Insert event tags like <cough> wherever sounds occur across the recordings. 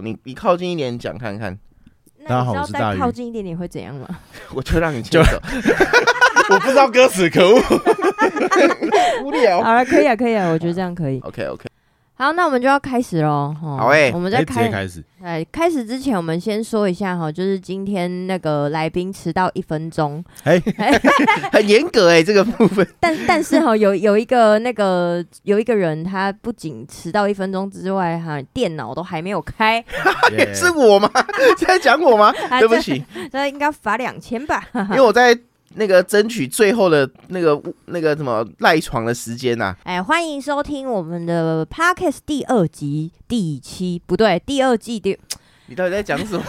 你你靠近一點講看看。然後好，我知道，靠近一點點會怎樣嗎？ <laughs> 我就讓你聽。就 <laughs> <laughs> 我不知道歌詞，可惡。無 <laughs> 聊、 <laughs> 喔。好了，可以啊，可以啊，我覺得這樣可以。OK，OK。Okay, okay 好，那我們就要開始嘍、哦。好誒、欸，我們再開、開始。哎，開始之前，我們先說一下哈，就是今天那個來賓遲到一分鐘，哎， <laughs> 很嚴格哎、欸，這個部分。但但是哈，有有一個那個有一個人，他不僅遲到一分鐘之外，哈、啊，電腦都還沒有開，yeah. <laughs> 也是我嗎？ <laughs> 是在講我嗎、啊？對不起，那應該罰兩千吧？ <laughs> 因為我在。那個爭取最後的那個那個什麼賴床的時間吶、啊？哎，歡迎收聽我們的 podcast 第二集第七，不對，第二季第。你到底在講什麼？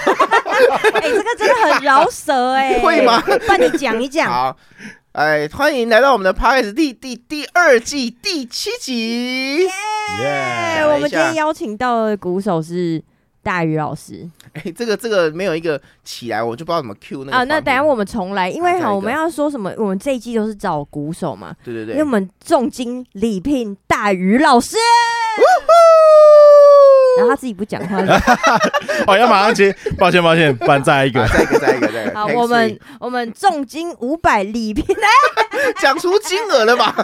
哎、 <laughs> <laughs> 欸，這個真的很饒舌哎、欸。 <laughs> 會嗎？那你講一講。 <laughs> 好，哎，歡迎來到我們的 podcast 第第第二季第七集。耶、yeah! yeah!！我們今天邀請到的鼓手是。大魚老師，哎、欸，這個這個沒有一個起來，我就不知道怎麼 cue 那個啊。那等下我們重來，因為好，我們要說什麼？我們這一季都是找鼓手嘛，對對對，因為我們重金禮聘大魚老師。然後他自己不講話，好、 <laughs> 哦，要馬上接。抱歉，抱歉，不然 <laughs> 再來一、啊、 <laughs> 一個，再一個，再一來。好，哎、 <laughs> <laughs> 好，我們我們重金五百禮聘，講出金額了吧？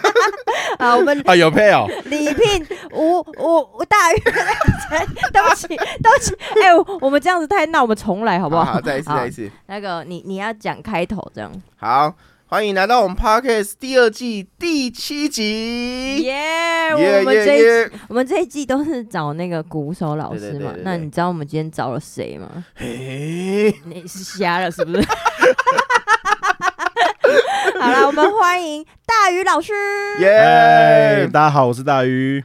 好，我們啊有配哦、喔，禮聘五五五大魚 <laughs> <laughs> 對不起， <laughs> 對不起，對不起，哎，我，我們這樣子太鬧，我們重來好不好，好，好？好，再一次，再一次。那個你你要講開頭這樣。好。歡迎來到我們 podcast 第二季第七集，耶、yeah, yeah,！我們這一 yeah, yeah, yeah. 我們這一季都是找那個鼓手老師嘛？對對對對對對，那你知道我們今天找了誰嗎？嘿、hey.，你是瞎了是不是？ <laughs> <laughs> <laughs> <laughs> <laughs> 好了，我們歡迎大魚老師，耶、yeah, yeah,！大家好，我是大魚。Yeah.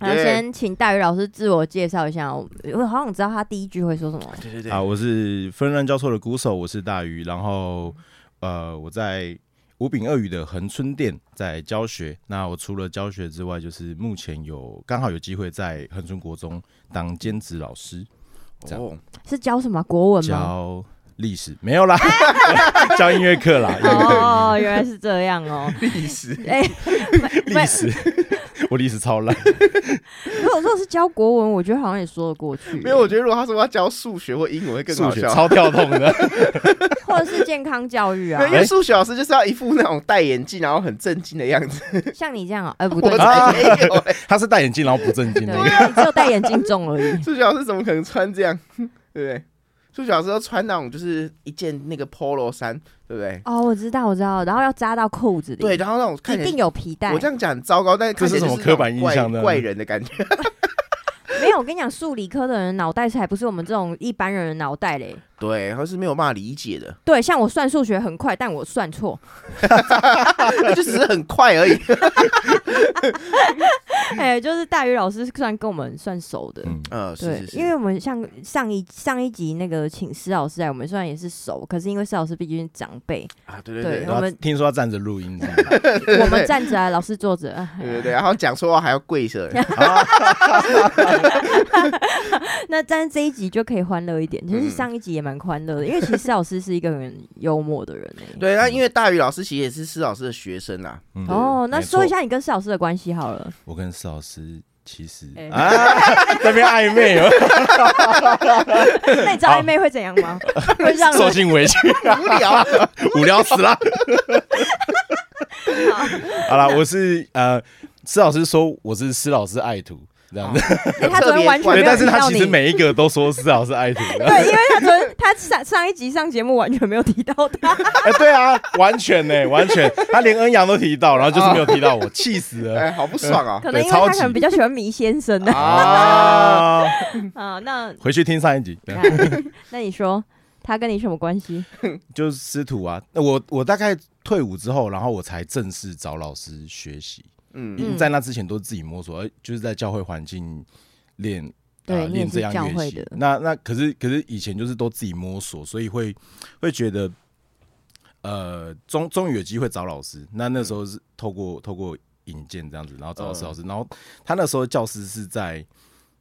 然後先請大魚老師自我介紹一下，我好像知道他第一句會說什麼。好、啊，我是紛亂交錯的鼓手，我是大魚，然後呃，我在。五餅二魚的恆春店在教學，那我除了教學之外，就是目前有剛好有機會在恆春國中當兼職老師，哦，是教什麼國文嗎？教歷史。沒有啦， <laughs> <laughs> 教音樂課啦 <laughs> 音樂課。哦，原來是這樣哦。 <laughs> 歷史，哎、欸， <laughs> 歷史。 <laughs> 我歷史超爛 <laughs> 如果說是教國文，我覺得好像也說得過去。 <laughs> 沒有，我覺得如果他說要教數學或英文，我會更好，數學超跳動的， <laughs> 或者是健康教育啊， <laughs> 教育啊、欸。因為數學老師就是要一副那種戴眼鏡然後很正經的樣子，像你這樣啊？哎、欸，不對、哎哎，他是戴眼鏡然後不正經的， <laughs> 你只有戴眼鏡重而已。數 <laughs> 學老師怎麼可能穿這樣？對不對？就小時候穿那種，就是一件那個 polo 衫，對不對？哦、oh，我知道，我知道。然後要扎到褲子裡。對，然後那種一定有皮帶、哦。我這樣講很糟糕，但是，是這是什麼刻板印象呢？怪人的感覺。 <laughs> <laughs> 沒有，我跟你講，數理科的人腦袋才不是我們這種一般人的腦袋嘞。對，他是沒有辦法理解的。對，像我算數學很快，但我算錯。 <laughs> <laughs> 就只是很快而已。 <laughs> 哎、欸，就是大魚老師雖然跟我們算熟的。嗯，對，呃、是是是因為我們像上一上一集那個請施老師來，我們雖然也是熟，可是因為施老師畢竟是長輩啊，對對對，對我們要聽說要站着錄音 <laughs> 對對對對，我們站着，老師坐着，對對對，然後講說話還要跪着， <laughs> 哦、 <laughs> <laughs> <laughs> <laughs> 那但是這一集就可以歡樂一點，就是上一集也蠻歡樂的，因為其實施老師是一個很幽默的人， <laughs> 對，那因為大魚老師其實也是施老師的學生啦、啊，哦、嗯，那說一下你跟施老師的關係好了，我跟施老師其實那邊曖昧了， <laughs> <laughs> <laughs> 那你知道曖昧會怎樣嗎？會讓人受盡委屈無聊， <laughs> <laughs> 無聊死了 <laughs> 好啦，我是呃，施老師說我是施老師愛徒。這樣子、哦， <laughs> 他昨天完全。對，但是他其實每一個都說是老師愛徒。對，因為他昨天他上上一集上節目完全沒有提到他。 <laughs> 欸、對啊，完全呢、欸，完全， <laughs> 他連恩陽都提到，然後就是沒有提到我，氣死了，哎，好不爽啊。可能因為他可能比較喜歡米先生呢。啊,啊， <laughs> 啊 <laughs> 啊、那回去聽上一集。啊、那你說他跟你什麼關係 <laughs> ？就是師徒啊。我我大概退伍之後，然後我才正式找老師學習。嗯，因為在那之前都是自己摸索，而、嗯、就是在教會環境練，對，呃、練這樣教會的。那那可是可是以前就是都自己摸索，所以會會覺得，呃，終終於有機會找老師。那那時候是透過、嗯、透過引薦這樣子，然後找到老師，老師、嗯。然後他那時候教室是在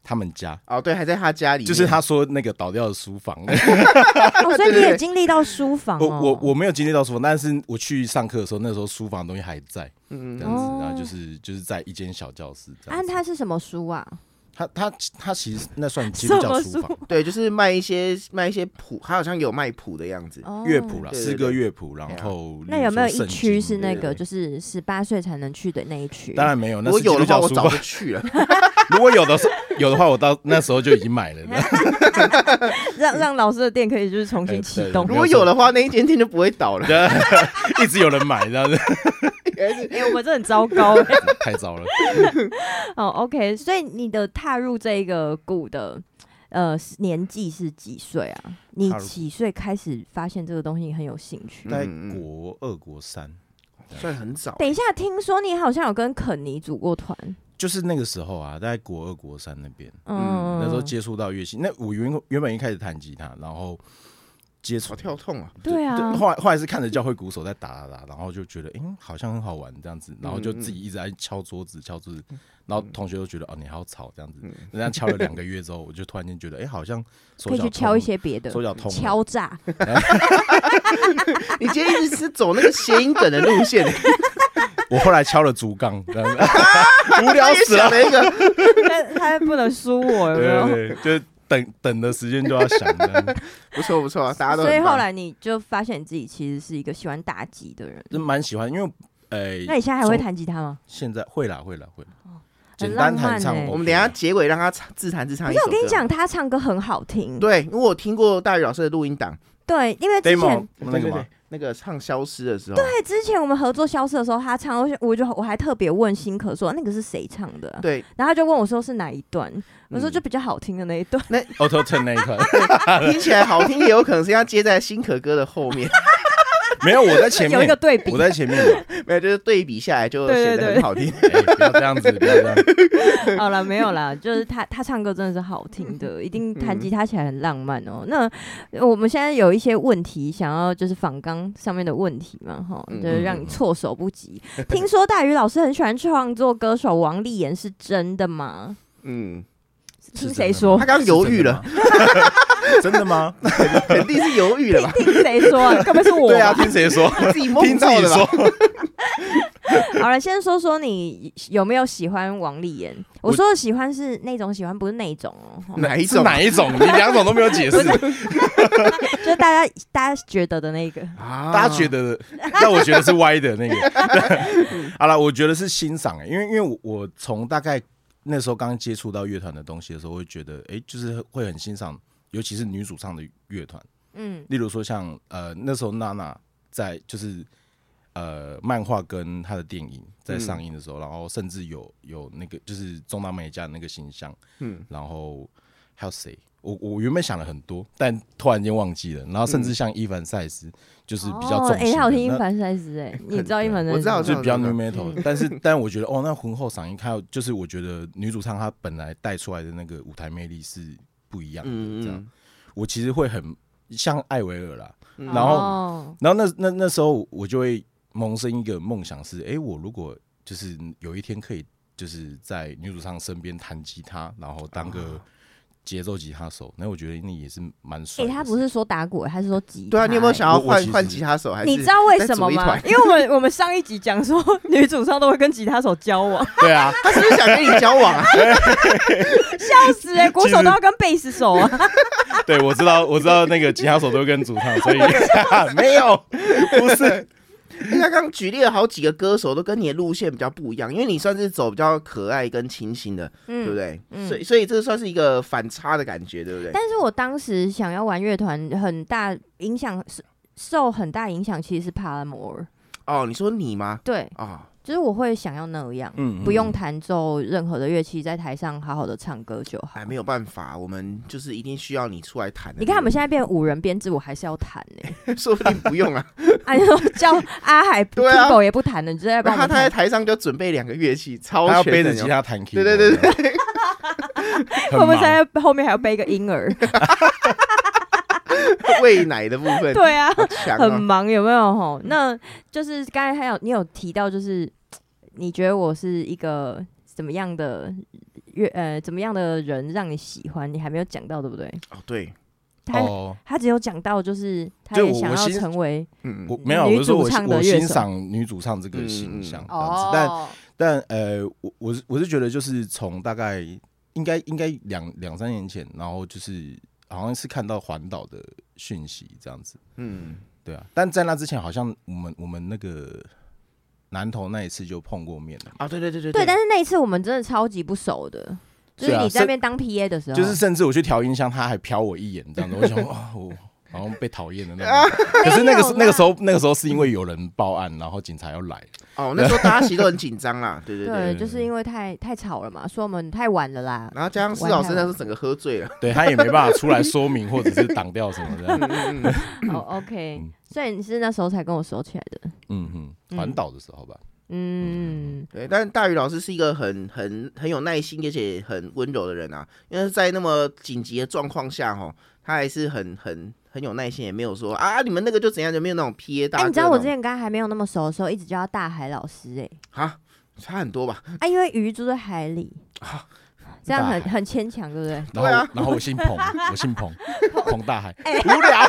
他們家哦，對，還在他家裡，就是他說那個倒掉的書房、 <laughs> <laughs> 哦。所以你也經歷到書房、哦 <laughs> 對對？我我我沒有經歷到書房，但是我去上課的時候，那時候書房東西還在。嗯，這樣子。哦就是就是在一間小教室這樣。安、啊，他是什麼書啊？他他他其實那算基督教書房，書，對，就是賣一些賣一些譜，他好像有賣譜的樣子，樂譜啦，詩歌樂譜，然後那有沒有一區是那個對對對，就是十八歲才能去的那一區？當然沒有，那是書房有的話我早就去了。 <laughs> <laughs> 如果有的有的話，我到那時候就已經買了。 <laughs> <laughs> <laughs> 讓讓老師的店可以就是重新啟動、欸對對對。如果有的話， <laughs> 那一間店就不會倒了， <laughs> 對啊、一直有人買，你 <laughs> 知 <laughs> 哎、 <laughs> 欸，我們這很糟糕、欸， <laughs> 太糟了 <laughs> 好。哦，OK，所以你的踏入這個鼓的呃年紀是幾歲啊？你幾歲開始發現這個東西很有興趣？在國二、國三，算很早。等一下，聽說你好像有跟肯尼組過團，就是那個時候啊，在國二、國三那邊，嗯，那時候接觸到樂器。那我原原本一開始彈吉他，然後。接觸跳痛啊，對啊，後來後來是看着教會鼓手在打打，然後就覺得，嗯、欸、好像很好玩這樣子，然後就自己一直在敲桌子敲桌子，然後同學都覺得，哦，你好吵這樣子，人家敲了兩個月之後，我就突然間覺得，哎、欸，好像可以去敲一些別的，手腳痛敲詐。 <laughs> <laughs> 你今天一直是走那個諧音梗的路線， <laughs> <laughs> <laughs> 我後來敲了竹槓， <laughs> <laughs> 無聊死了，那個他 <laughs> 他不能輸我，有沒有？對對對就等等的時間都要想的。 <laughs> 不錯不錯啊，大家都。所以後來你就發現你自己其實是一個喜歡打擊的人，蠻喜歡，因為誒、呃，那你現在還會彈吉他嗎？現在會啦會啦會啦、哦，簡單彈、欸、唱。我們等下結尾讓他唱自彈自唱。因為我跟你講，他唱歌很好聽。對，因為我聽過大魚老師的錄音檔。對，因為之前什麼 <laughs> 那個唱消失的時候，對，之前我們合作消失的時候，他唱，我就我還特別問辛可說，那個是誰唱的？對，然後他就問我說是哪一段，嗯、我說就比較好聽的那一段，那 <laughs> Auto-Tune 那一段， <laughs> 聽起來好聽， <laughs> 也有可能是要接在辛可歌的後面。 <laughs> <laughs> 沒有，我在前面有一個對比，我在前面 <laughs> 沒有，就是對比下來就顯得很好聽，對對對、 <laughs> 欸，不要這樣子，不要這樣子 <laughs> 好了，沒有了，就是他他唱歌真的是好聽的，嗯、一定彈吉他起來很浪漫哦、喔嗯。那我們現在有一些問題，想要就是訪綱上面的問題嘛，哈，就是讓你措手不及。嗯嗯，聽說大魚老師很喜歡創作歌手王立言，是真的嗎？嗯，聽誰說？他剛猶豫了。 <laughs> 真的嗎？ <laughs> 肯定是猶豫了聽。聽誰說啊？更別是我 <laughs> 對啊。聽誰說？ <laughs> 自己夢自己說。 <laughs> 好了，先說說你有沒有喜歡王立言我，我說的喜歡是那種喜歡，不是那種哦、喔。哪一種、啊？哪一種？ <laughs> 你兩種都沒有解釋。 <laughs> 不是 <laughs> 就大家大家覺得的那個啊，大家覺得的， <laughs> 但我覺得是歪的那個。 <laughs> 好了，我覺得是欣賞哎、欸，因為因為我我從大概那時候剛接觸到樂團的東西的時候，我會覺得哎、欸，就是會很欣賞。尤其是女主唱的樂團，嗯，例如說像呃那時候娜娜在就是呃漫畫跟她的電影在上映的時候，嗯、然後甚至有有那個就是中島美嘉的那個形象，嗯，然後還有誰？我我原本想了很多，但突然間忘記了。然後甚至像伊凡塞斯，就是比較哎、嗯哦欸、好聽。伊凡塞斯哎、欸嗯，你知道伊凡的？我知道，我知道，我知道就是比較 new metal，、嗯、但是 <laughs> 但我覺得哦，那渾厚嗓音還有就是我覺得女主唱她本來帶出來的那個舞台魅力是。不一樣。嗯嗯，這樣，我其實會很像艾薇兒啦。嗯、然後，哦、然後那那那時候，我就會萌生一個夢想，是，哎、欸，我如果就是有一天可以，就是在女主唱身邊彈吉他，然後當個、哦。節奏吉他手，那我覺得那也是蠻帥。給、欸、他不是說打鼓，他是說吉他、欸。對啊，你有沒有想要換換吉他手？還是你知道為什麼嗎？ <laughs> 因為我們我們上一集講說女主唱都會跟吉他手交往。對啊， <laughs> 他是不是想跟你交往？笑， <laughs> ，笑死哎、欸，鼓手都要跟貝斯手啊。 <laughs> 對，我知道，我知道那個吉他手都會跟主唱，所以 <laughs> 麼事 <laughs> 沒有，不是。因為剛剛舉例了好幾個歌手，都跟你的路線比較不一樣，因為你算是走比較可愛跟清新的，嗯、對不對？嗯、所以所以這算是一個反差的感覺，對不對？但是我當時想要玩樂團，很大影響受很大影響，其實是帕拉摩爾。哦，你說你嗎？對啊。哦就是我會想要那樣，嗯、不用彈奏任何的樂器，在台上好好的唱歌就好。還沒有辦法，我們就是一定需要你出來彈。你看，我們現在變五人編制，我還是要彈呢、欸。 <laughs> 說不定不用啊。哎呦，叫阿海 K 狗、啊、也不彈了，你在幫我們。他他在台上就準備兩個樂器，超全。他要背着吉他彈 K <laughs> 對對對對 <laughs> 我們現在後面還要背一個嬰兒。 <laughs> 餵奶的部分， <laughs> 對啊,啊，很忙，有沒有吼？那就是剛才還有你有提到，就是你覺得我是一個怎麼樣的越呃怎麼樣的人讓你喜歡？你還沒有講到，對不對？哦，對，他、哦、他只有講到就是他，就我我成為我我嗯，沒有，我說我我欣賞女主唱這個形象、嗯哦，但但呃，我我是我是覺得就是從大概應該應該兩兩三年前，然後就是好像是看到環島的。訊息這樣子，嗯，對啊，但在那之前，好像我們我們那個男童那一次就碰過面了啊，對對對對對，但是那一次我們真的超級不熟的，啊、就是你在那邊當 PA 的時候，就是甚至我去調音箱，他還瞟我一眼，這樣子，我想啊 <laughs> 然後被討厭的那種， <laughs> 可是那個是那個時候，那個時候是因為有人報案，然後警察要來。哦，那時候大家其實都很緊張啊， <laughs> 對對對，對，就是因為太太吵了嘛，說我們太晚了啦。然後加上施老師那是整個喝醉了，對他也沒辦法出來說明 <laughs> 或者是擋掉什麼的。 <laughs> 嗯嗯 oh, OK，嗯、所以你是那時候才跟我熟起來的，嗯嗯，環島的時候吧。嗯，嗯對，但是大魚老師是一個很很很有耐心，而且很溫柔的人啊，因為在那麼緊急的狀況下，哈，他還是很很。很有耐心，也沒有說啊，你們那個就怎樣，就沒有那種撇大種。哎、啊，你知道我之前跟他還沒有那麼熟的時候，一直叫大海老師哎、欸。啊，差很多吧？哎、啊，因為魚住在海裡，啊、這樣很很牽強，對不對？然後、啊、然後我姓彭， <laughs> 我姓彭，彭，彭大海。無、欸、聊。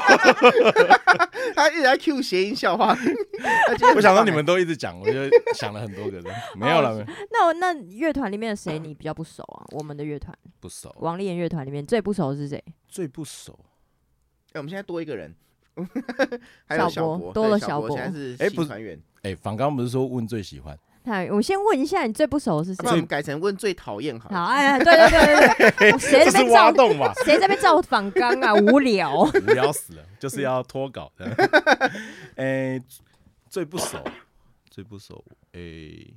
<laughs> <laughs> 他一直在 Q 諧音笑話， <laughs> 我想到你們都一直講，我就想了很多個人， <laughs> 沒有了沒有。那那樂團裡面的誰你比較不熟啊？啊我們的樂團不熟。王立言樂團裡面最不熟的是誰？最不熟。欸、我們現在多一個人， <laughs> 小波多了小波，現在是新團員哎，訪綱不是說問最喜歡？哎、啊，我們先問一下，你最不熟的是誰、啊、我們改成問最討厭好，好，哎、欸，對對對對誰、 <laughs> 欸、在照挖洞嘛？誰在被造訪綱啊？無聊，無聊死了，就是要脫稿的。哎、 <laughs> 欸，最不熟，最不熟，哎、欸。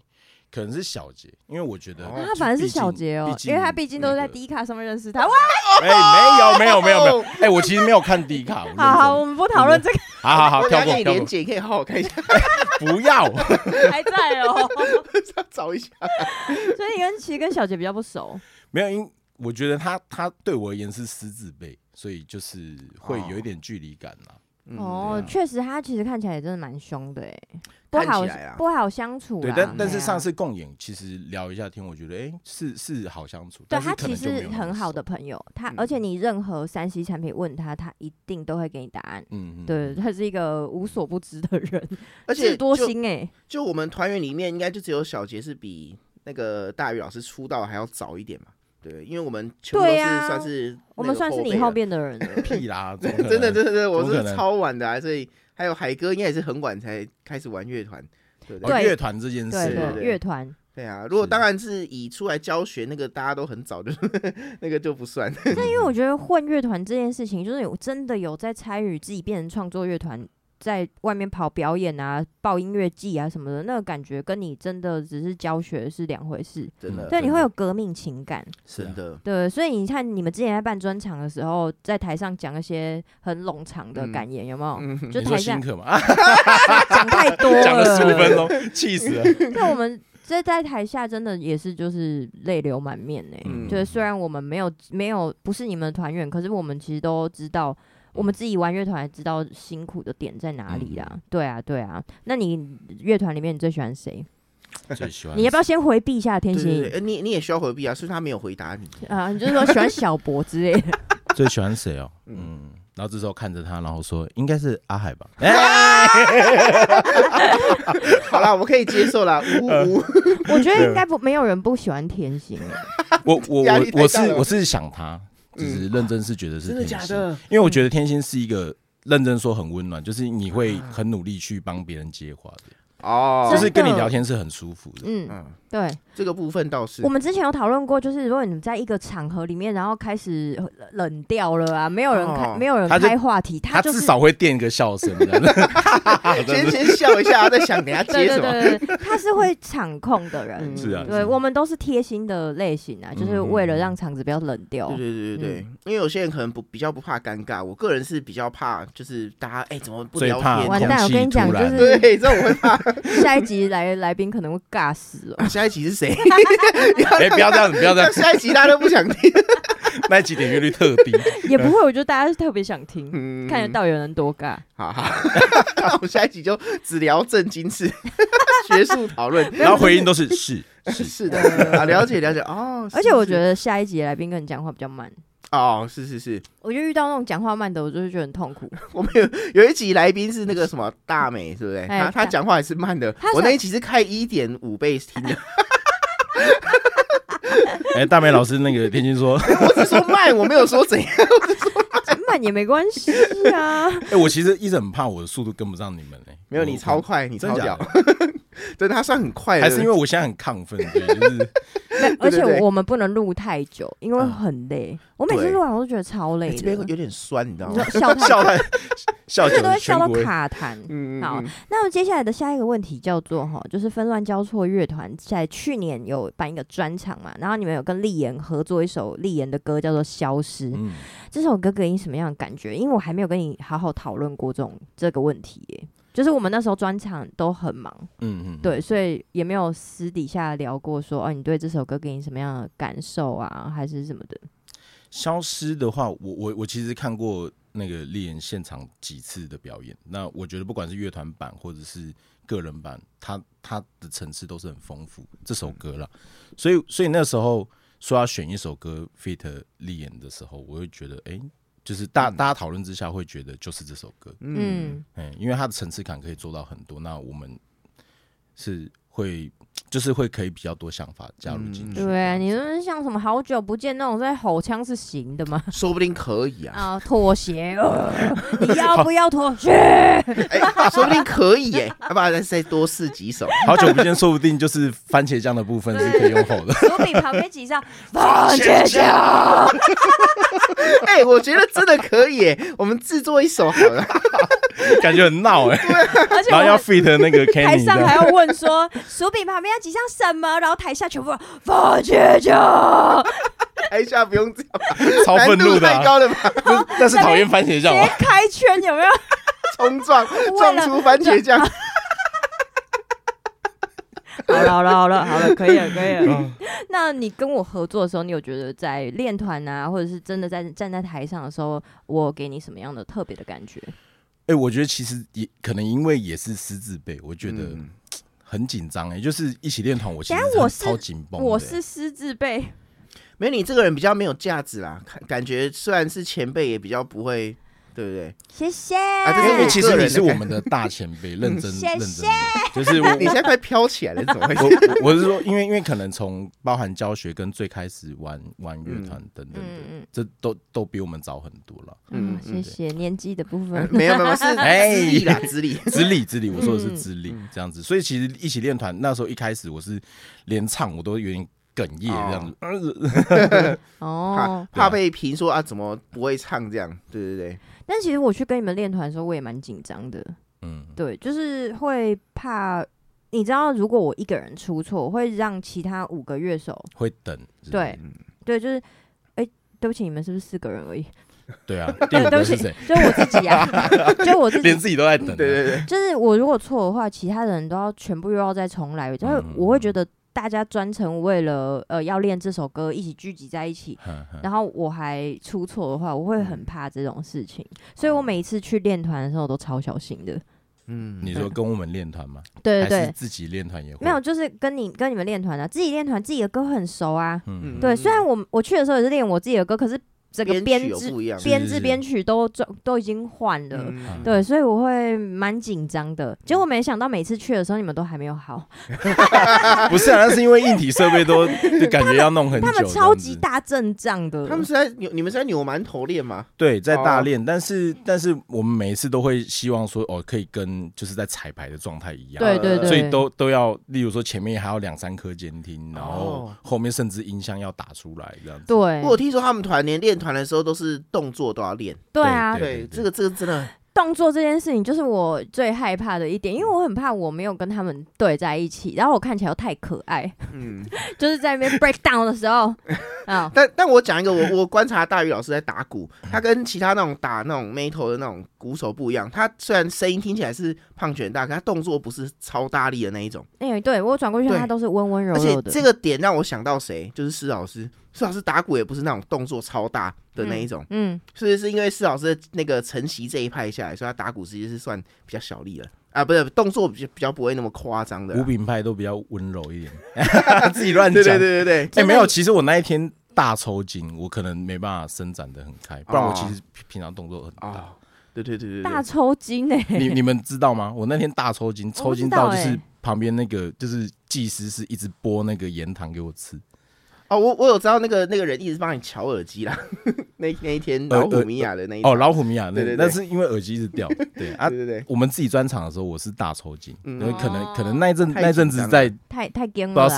可能是小杰，因為我覺得他反正是小杰哦，因為他畢竟都是在 D 卡上面認識他。那個、哇！哎、欸，沒有沒有沒有沒有，哎 <laughs> 欸，我其實沒有看 D 卡。好好，我們不討論這個。嗯、 <laughs> 好好好，跳過。跳過連姐可以好好看一下。 <laughs> 欸、不要。 <laughs> 還在哦了，再找一下。所以，跟其實跟小杰比較不熟。 <laughs> 沒有，因為我覺得他他對我而言是師字輩，所以就是會有一點距離感嘛。哦哦、嗯，確、啊、實，他其實看起來也真的蠻凶的哎，不好、啊、不好相，、啊欸、好相處。對，但但是上次共演，其實聊一下天，我覺得哎，是是好相處。對他其實很好的朋友，他而且你任何 3C 產品問他、嗯，他一定都會給你答案。嗯嗯，對，他是一個無所不知的人，而且多心哎。就我們團員裡面，應該就只有小杰是比那個大魚老師出道還要早一點嘛。對，因為我們全都是算是、啊、我們算是你後面的人 <laughs> 屁啦， <laughs> 真的真的，真的，我是超晚的、啊，所以還有海哥應該也是很晚才開始玩樂團。對樂團這件事，樂團。對啊，如果當然是以出來教學那個大家都很早就， <laughs> 那個就不算。 <laughs> 但因為我覺得混樂團這件事情，就是有真的有在參與自己變成創作樂團。在外面跑表演啊，報音樂季啊什麼的，那個感覺跟你真的只是教學是兩回事，真的對。對，你會有革命情感，是的。對，所以你看，你們之前在辦專場的時候，在台上講一些很冗長的感言，嗯，有沒有？嗯、就台下講 <laughs> <laughs> 太多講了十五分鐘，氣死了。那 <laughs> 我們這在台下真的也是就是淚流滿面哎，欸，對，嗯，雖然我們沒有沒有不是你們團員，可是我們其實都知道。我們自己玩樂團，知道辛苦的點在哪裡啦。對啊，對啊。啊、那你樂團裡面你最喜歡誰？最喜歡？你要不要先回避一下天星？你 <laughs> 你也需要回避啊，所以他沒有回答你 <laughs> 啊。你就是說喜歡小博之類？ <laughs> 最喜歡誰哦、喔？嗯，然後這時候看着他，然後說應該是阿海吧 <laughs> 。 <laughs> <laughs> 好啦，我們可以接受啦 <laughs> 。呃、 <laughs> <laughs> 我覺得應該不沒有人不喜歡天星。我我我我是我是想他。就是認真是覺得是天心，因為我覺得天心是一個認真說很溫暖，就是你會很努力去幫別人接話的。哦、oh，就是跟你聊天是很舒服的。嗯嗯，對，這個部分倒是我們之前有討論過，就是如果你在一個場合裡面，然後開始冷掉了啊，沒有人開、oh, 沒有人開話題，他就他、就是、他至少會墊個笑聲， <laughs> <laughs> <laughs> 先先笑一下， <laughs> 再想等下接什麼。 <laughs> 對，對對對， <laughs> 他是會場控的人， <laughs> 是啊，對、啊對啊我們都是貼心的類型啊，就是為了讓場子不要冷掉嗯嗯。對對對對對、嗯，因為有些人可能不比較不怕尷尬，我個人是比較怕，就是大家哎、欸、怎麼不聊天，完蛋！我跟你講，就是對這種會怕。 <laughs> 下一集來來賓可能會尬死哦、啊。下一集是誰？哎、 <laughs> 欸，不要這樣子，不要這樣。 <laughs> 下一集大家都不想聽，下一集點閱率特別。也不會，我覺得大家是特別想聽，嗯、看得到有人多尬。好好，我 <laughs> 下一集就只聊正經事， <laughs> 學術討論， <laughs> 然後回應都是 <laughs> 是是是的 <laughs> 啊，了解了解哦。而且我覺得下一集的來賓跟你講話比較慢。哦、oh,，是是是，我就遇到那種講話慢的，我就是覺得很痛苦。 <laughs> 我們有有一集來賓是那個什麼大美，是不是？哎、他他講話也是慢的是。我那一集是開一點五倍聽的。哎、 <laughs> <laughs> 欸，大美老師那個天津說， <laughs> 欸、我只說慢，我沒有說怎樣，我說慢，慢也沒關係啊。哎、 <laughs> 欸，我其實一直很怕我的速度跟不上你們呢、欸。沒有，你超快，你超，真假的？ <laughs> 對，他算很快，還是因為我現在很亢奮？對，就是對對對對。而且我們不能錄太久，因為很累。啊、我每次錄完我都覺得超累、欸，這邊會有點酸，你知道嗎？笑的，笑的 <laughs> 都會笑到卡痰。好，那麼接下來的下一個問題叫做哈、哦，就是紛亂交錯樂團在去年有辦一個專場嘛？然後你們有跟麗妍合作一首麗妍的歌，叫做《消失》嗯。這首歌給你什麼樣的感覺？因為我還沒有跟你好好討論過這種這個問題、欸就是我們那時候專場都很忙，嗯嗯，對，所以也沒有私底下聊過說，哦，你對這首歌給你什麼樣的感受啊，還是什麼的？消失的話，我我我其實看過那個立言現場幾次的表演，那我覺得不管是樂團版或者是個人版，它它的層次都是很豐富這首歌了、嗯，所以所以那時候說要選一首歌 fit 立言的時候，我會覺得，哎、欸。就是大家、嗯、大家討論之下會覺得就是這首歌，嗯，哎，因為它的層次感可以做到很多。那我們是。會就是會可以比較多想法加入進去、嗯。對，你說像什麼好久不見那種在吼腔是行的嗎？說不定可以啊。啊，妥協、呃，你要不要妥協？哎、 <laughs> 欸，說不定可以耶、欸。要、 <laughs> 啊、不然再多試幾首。好久不見，說不定就是番茄醬的部分是可以用吼的。我比旁邊幾首 <laughs> 番茄醬醬。哎 <laughs> <laughs> 欸，我覺得真的可以、欸，我們製作一首好了， <laughs> 感覺很鬧哎、欸。而且還要 fit 那個台上還要問說。 <laughs> 薯餅旁邊要擠上什麼？然後台下全部番茄醬， <laughs> 台下不用這樣，超憤怒的，太高了吧，但是討厭番茄醬嗎 <laughs> ？開圈有沒有？ <laughs> 衝衝撞 <laughs> 撞出番茄醬 <laughs> 。為了笑好了好了好了好了，可以了可以了 <laughs> 那你跟我合作的時候，你有覺得在練團啊，或者是真的在站在台上的時候，我給你什麼樣的特別的感覺？哎，我覺得其實也可能因為也是十字背，我覺得、嗯。很緊張哎，就是一起練團、欸，我其實是超緊繃。我是獅字輩，沒你這個人比較沒有價值啦。感覺雖然是前輩，也比較不會。對不對？謝謝。啊這是個，因為其實你是我們的大前輩，認 <laughs> 真認真。謝謝。就是我你現在快飄起來了，怎 <laughs> 麼回我，我是說，因為因為可能從包含教學跟最開始玩玩樂團等等、嗯嗯，這都都比我們早很多了。嗯，謝謝。年紀的部分、呃、沒有沒有是哎，歷 <laughs> 啦，資歷資歷，我說的是資歷、嗯、這樣子。所以其實一起練團那時候一開始我是連唱我都有點哽咽這樣子，哦， <laughs> 哦怕怕被評說啊，怎麼不會唱這樣？對對對。但其實我去跟你們練團的時候，我也蠻緊張的。嗯，對，就是會怕，你知道，如果我一個人出錯，會讓其他五個樂手會等。對、嗯，對，就是，哎、欸，對不起，你們是不是四個人而已？對啊， <laughs> 對不起，就是我自己啊， <laughs> <laughs> 就我自己連自己都在等、啊。對對對，對，就是我如果錯的話，其他的人都要全部又要再重來，就、嗯、是我會覺得。大家專程為了呃要練這首歌，一起聚集在一起。哼哼然後我還出錯的話，我會很怕這種事情，嗯，所以我每一次去練團的時候都超小心的。嗯，嗯你說跟我們練團嗎？對對對，還是自己練團也會？沒有，就是跟你跟你們練團啊，自己練團自己的歌很熟啊。嗯,嗯,嗯，對，雖然我我去的時候也是練我自己的歌，可是。這個編制、編制、編曲都都都已經換了，是是是對，所以我會蠻緊張的。結果沒想到每次去的時候，你們都還沒有好。 <laughs> <laughs> 不是啊，那是因為硬體設備都就感覺要弄很久他。他們超級大陣仗的。他們是在扭，你們是在扭饅頭練嗎？對，在大練、哦。但是但是我們每一次都會希望說哦，可以跟就是在彩排的狀態一樣。對對對。所以都都要，例如說前面還有兩三顆監聽，然後後面甚至音箱要打出來這樣子、哦。對。我聽說他們團年練。團的時候都是動作都要練，對啊，對這個這個真的動作這件事情就是我最害怕的一點，因為我很怕我沒有跟他們對在一起，然後我看起來又太可愛，嗯， <laughs> 就是在那邊 break down 的時候，啊， <laughs> 但但我講一個，我我觀察大魚老師在打鼓，他跟其他那種打那種 metal 的那種鼓手不一樣，他雖然聲音聽起來是胖卷大，但他動作不是超大力的那一種。哎、欸，對，我轉過去看他，他都是溫溫柔柔的。而且這個點讓我想到誰？就是施老師。施老師打鼓也不是那種動作超大的那一種，嗯，嗯，所以是因為施老師的那個晨曦這一派下來，所以他打鼓其實是算比較小力了啊，不是動作比較比較不會那麼誇張的，啊。五品派都比較溫柔一點， <laughs> 他自己亂講， <laughs> 欸。對對對對對，哎，欸，沒有，其實我那一天大抽筋，我可能沒辦法伸展得很開，不然我其實平常動作很大。哦哦，對，對，對對對對，大抽筋哎，欸！你你們知道嗎？我那天大抽筋，抽筋到就是旁邊那個就是技師是一直剝那個鹽糖給我吃。哦，我我有知道那個那個人一直幫你喬耳機啦，呵呵那那一天老虎米婭的那一、呃、哦老虎米婭，對對，對，對，對對，但是因為耳機一直掉。對 <laughs> 啊，對對對，我們自己專場的時候我是大抽筋，因、嗯、為可能可能那一陣那一陣子在太太了，不知道是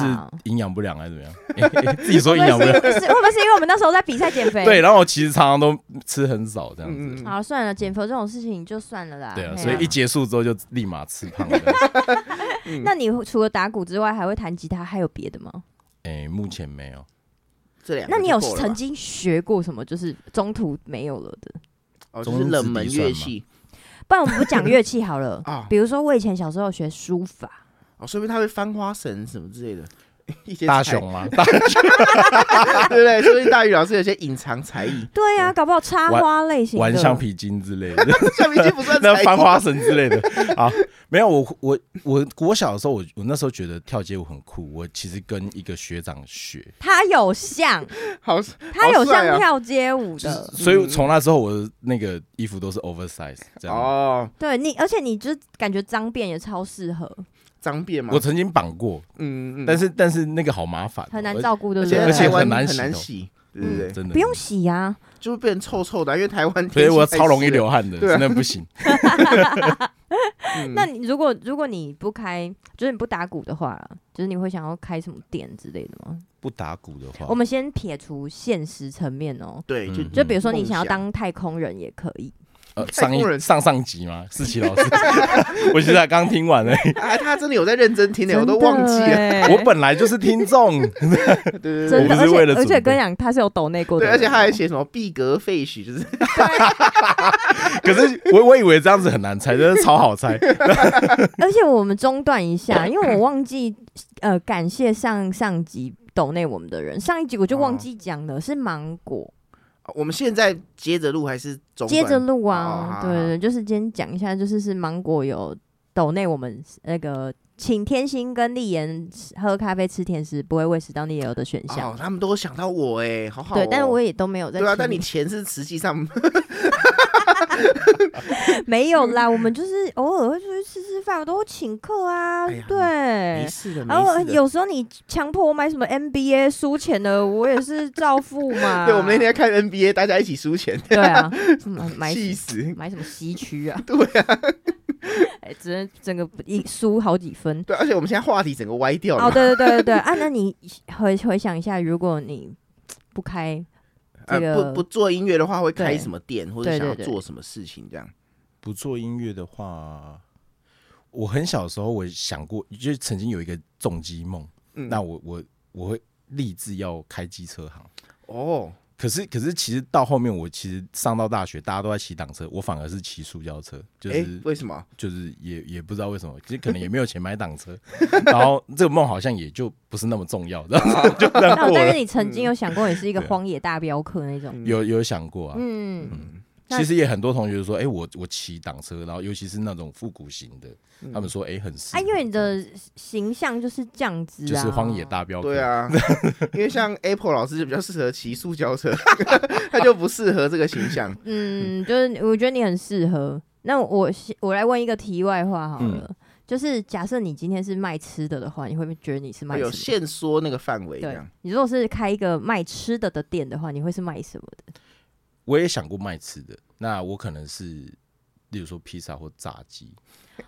營養不良還是怎麼樣， <laughs> 欸欸、自己說營養不良，會是會不是因為我們那時候在比賽減肥？ <laughs> 對，然後我其實常常都吃很少這樣子。嗯嗯嗯嗯好、啊，算了，減肥這種事情就算了啦。對啊，啊所以一結束之後就立馬吃胖了。 <laughs> 嗯、 <laughs> 那你除了打鼓之外，還會彈吉他，還有別的嗎？誒、欸，目前沒有這兩。那你有曾經學過什麼？就是中途沒有了的，哦哦、就是冷門樂器。 <laughs> 不然我們不講樂器好了。 <laughs> 哦、比如說我以前小時候學書法。哦，說明他會翻花繩什麼之類的。一些大熊，嗎？ <laughs> 大熊 <laughs> <laughs> <laughs> 對不對？所以大魚老師有些隱藏才藝。對啊，搞不好插花類型，嗯玩，玩橡皮筋之類的。 <laughs> 橡皮筋不算。那翻花繩之類的。 <laughs> 好，沒有我我我，我，我小的時候，我我那時候覺得跳街舞很酷。我其實跟一個學長學，他有像， <laughs> 好，他有像跳街舞的，啊就是。所以從那之後，我的那個衣服都是 oversize，嗯，這樣。哦，oh.，對你，而且你就感覺髒辮也超適合。髒辮嘛？我曾經綁過，嗯嗯但是但是那個好麻煩、喔，很難照顧的，而且很難洗、喔對對對嗯，真的不用洗呀、啊，就變臭臭的、啊，因為台灣，所以我超容易流汗的，真的、啊、不行。 <laughs> <laughs> <laughs> 嗯、那如果如果你不開，就是你不打鼓的話，就是你會想要開什麼店之類的嗎？不打鼓的話，我們先撇除現實層面哦、喔，對，就、嗯、就比如說你想要當太空人也可以。呃、上一上上一集嗎？思琪老師， <laughs> <laughs> 我現在剛聽完哎、欸啊，他真的有在認真聽、欸、真的、欸，我都忘記了。我本來就是聽眾， <laughs> 對對、對真的我不是為了而。而且跟你講，他是有抖內過的、喔，而且他還寫什麼閉格廢墟，就是。 <laughs> <laughs> 可是我我以為這樣子很難猜，真的超好猜。 <laughs> <laughs> 而且我們中斷一下，因為我忘記 <coughs> 呃，感謝上上集抖內我們的人，上一集我就忘記講的是芒果。我們現在接着錄還是？走？接着錄啊、哦！對對，對，就是今天講一下，就是是芒果有抖內我們那個請天心跟麗妍喝咖啡吃甜食，不會餵食當地有的選項。哦，他們都想到我哎、欸，好好、哦。對，但是我也都沒有在。對啊，但你錢是實際上。 <laughs> <laughs> <laughs> 沒有啦，我們就是偶爾、哦、會出去吃吃飯，我都會請客啊，哎、對。然後、啊、有時候你強迫我買什麼 NBA 輸錢的，我也是照付嘛。 <laughs> 對，我們那天看 NBA，大家一起輸錢。對啊， <laughs> 什麼買氣死，買什麼西區啊？對啊，哎、 <laughs> 欸，只能整個一輸好幾分。對，而且我們現在話題整個歪掉了。哦，對對對對對。 <laughs> 啊，那你回回想一下，如果你不開。呃、不不做音樂的話，會開什麼店，或者想要做什麼事情？這樣，不做音樂的話，我很小時候我想過，就曾經有一個重機夢、嗯。那我我我會立志要開機車行哦。可是，可是，其實到後面，我其實上到大學，大家都在騎擋車，我反而是騎塑膠車。就是、欸，為什麼？就是也也不知道為什麼，其實可能也沒有錢買擋車。 <laughs> 然後，這個夢好像也就不是那麼重要 <laughs> <laughs> 了，就、啊、就但是你曾經有想過，也是一個荒野大鏢客那種？有有想過啊？嗯。嗯其實也很多同學說，哎、欸，我我騎擋車，然後尤其是那種復古型的，他們說，哎、欸，很適合。哎、啊，因為你的形象就是這樣子、啊，就是荒野大鏢客。對啊，因為像 Apple 老師就比較適合騎塑膠車， <laughs> <laughs> 他就不適合這個形象。 <laughs> 嗯，就是我覺得你很適合。那我我來問一個題外話好了，嗯、就是假設你今天是賣吃的的話，你會不會覺得你是賣什麼什麼有限縮那個範圍。對你，如果是開一個賣吃的的店的話，你會是賣什麼的？我也想過賣吃的，那我可能是，例如說披薩或炸雞。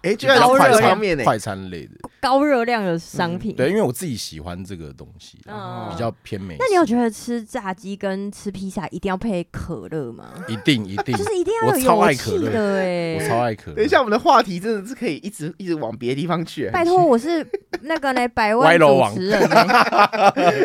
哎、欸，高熱量、快餐類的高熱量的商品、嗯，對，因為我自己喜歡這個東西、啊，比較偏美。那你有覺得吃炸雞跟吃披薩一定要配可樂嗎？一定，一定，啊、就是一定要有的、欸。我超愛可樂，哎，我超愛可樂。等一下，我們的話題真的是可以一直一直往別的地方去。拜托，我是那個呢，百萬歪樓王。哎、 <laughs>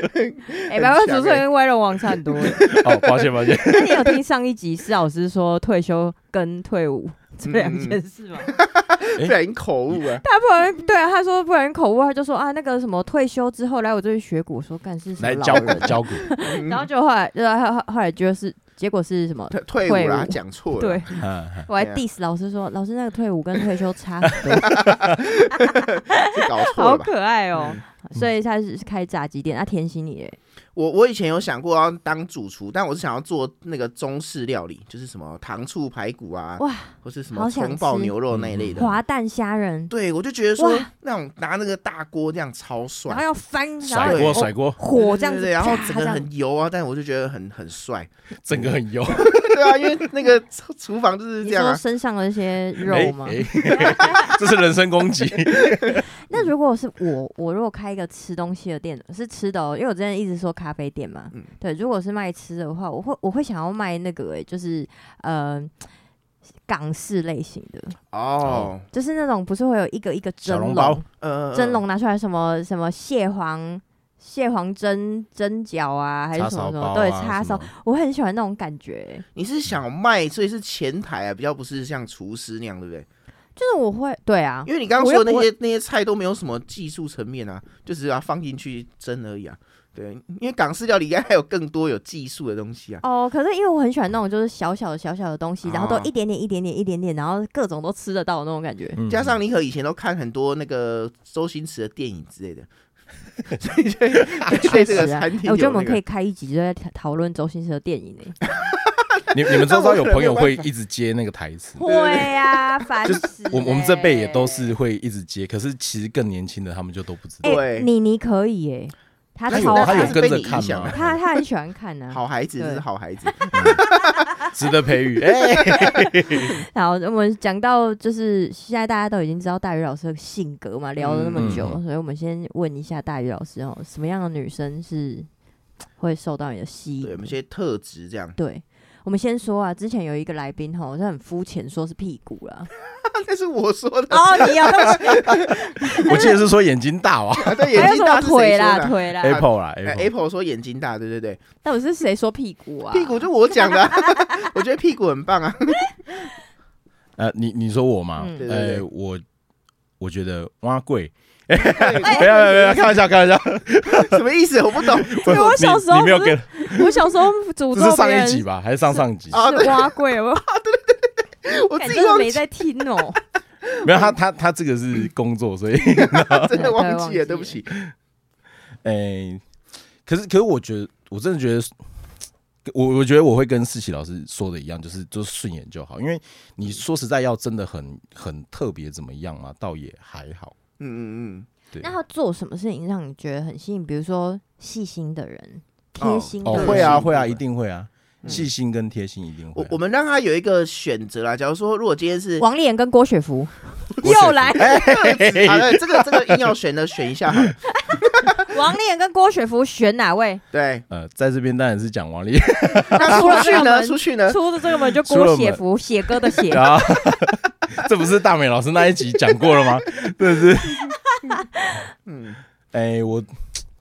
欸，百萬主持人歪樓王差很多很。哦，抱歉，抱歉。 <laughs> 那你有聽上一集施老師說退休跟退伍？這兩件事嗎？嗯、 <laughs> 不然口誤啊！他不然對、啊、他說不然口誤，他就說啊那個什麼退休之後來我這邊學鼓說幹是啥來教教鼓， <laughs> 然後就後來就後後來就是結果是什麼退，退伍啊講錯了，對，啊啊、我還 diss、啊、老師說老師那個退伍跟退休差不 <laughs> <laughs> 好可愛哦，嗯、所以他是開炸雞店他、嗯啊、甜心你哎。我我以前有想過要當主廚，但我是想要做那個中式料理，就是什麼糖醋排骨啊，哇，或是什麼蔥爆牛肉那一類的。滑蛋蝦仁。對，我就覺得說那種拿那個大鍋這樣超帥。然後要翻。要翻喔、甩鍋甩鍋。火這樣子對對對，然後整個很油啊，但我就覺得很很帥，整個很油。 <laughs> 對啊，因為那個廚房就是這樣、啊、是身上的一些肉嗎？欸欸、 <laughs> 這是人身攻擊。 <laughs> 那、嗯、如果是我，我如果開一個吃東西的店，是吃的哦，因為我之前一直說咖啡店嘛，嗯、對。如果是賣吃的話，我會我會想要賣那個誒、欸，就是呃港式類型的哦，就是那種不是會有一個一個蒸籠，呃蒸籠拿出來什麼什麼蟹黃蟹黃蒸蒸餃啊，還是什麼什麼，對，叉燒、啊，我很喜歡那種感覺、欸。你是想賣，所以是前台啊，比較不是像廚師那樣，對不對？就是我會對啊，因為你剛剛說那些那些菜都沒有什麼技術層面啊，就只是把它放進去蒸而已啊。對，因為港式料理應該還有更多有技術的東西啊。哦，可是因為我很喜歡那種就是小小的小小的東西，然後都一點點一點點一點點，然後各種都吃得到的那種感覺。哦嗯、加上你和以前都看很多那個周星馳的電影之類的， <laughs> 所以這個、啊、對、啊啊、這個餐廳、那個，我覺得我們可以開一集就在討論周星馳的電影呢、欸。 <laughs> 你你們知道有朋友會一直接那個台詞， <laughs> 會呀、啊，煩死。我我們這輩也都是會一直接， <laughs> 可是其實更年輕的他們就都不知道。對、欸，對你你可以哎、欸，他好，他也跟着看 <laughs> 他，他很喜歡看呢、啊， <laughs> 好孩子是好孩子， <laughs> 嗯、 <laughs> 值得培育。 <laughs> 欸、 <laughs> 好，我們講到就是現在大家都已經知道大魚老師的性格嘛，嗯、聊了那麼久、嗯，所以我們先問一下大魚老師哦，什麼樣的女生是會受到你的吸引？對有一些特質這樣對。我們先說啊，之前有一個來賓吼，我就很膚淺，說是屁股了、啊。那 <laughs> 是我說的哦，你有？我記得是說眼睛大 <laughs> 啊，他眼睛大是誰說的、啊啦 <laughs> 啦啊、？Apple 啦、啊、，Apple <laughs> 說眼睛大，對對對。到底是誰說屁股啊？屁股就我講的、啊， <laughs> <laughs> 我覺得屁股很棒啊。 <laughs> 呃、你你說我嗎？嗯、呃，對對對，我我覺得哇貴，貴。沒有沒有，開玩笑開玩笑，什麼意思？我不懂。我小時候，我小時候，這我小時候，這是上一集吧，還是上上一集？啊，瓜貴對對對、欸喔，我自己都沒在聽哦。沒有他，他他這個是工作，所以 <laughs> 他真的 <laughs> 他真的忘記了，對不起。哎、欸，可是可是，我覺得我真的覺得，我我覺得我會跟世奇老師說的一樣，就是就是順眼就好。因為你說實在要真的很很特別怎麼樣嘛、啊，倒也還好。嗯嗯嗯，對。那他做什麼事情讓你覺得很吸引？比如說細心的人、貼心的人、哦，會啊會啊，一定會啊，細、嗯、心跟貼心一定會、啊。我我們讓他有一個選擇啦。假如說，如果今天是王立言跟郭雪芙又來，哎哎哎 <laughs> 啊、這個這個硬要選的選一下。 <laughs> 王立言跟郭雪芙選哪位？對，呃，在這邊當然是講王立言。那出去呢、啊？出去呢？出了這個門就郭雪芙寫歌的寫。 <laughs> <laughs> <laughs> 這不是大美老師那一集講過了嗎？對不對？嗯，哎，我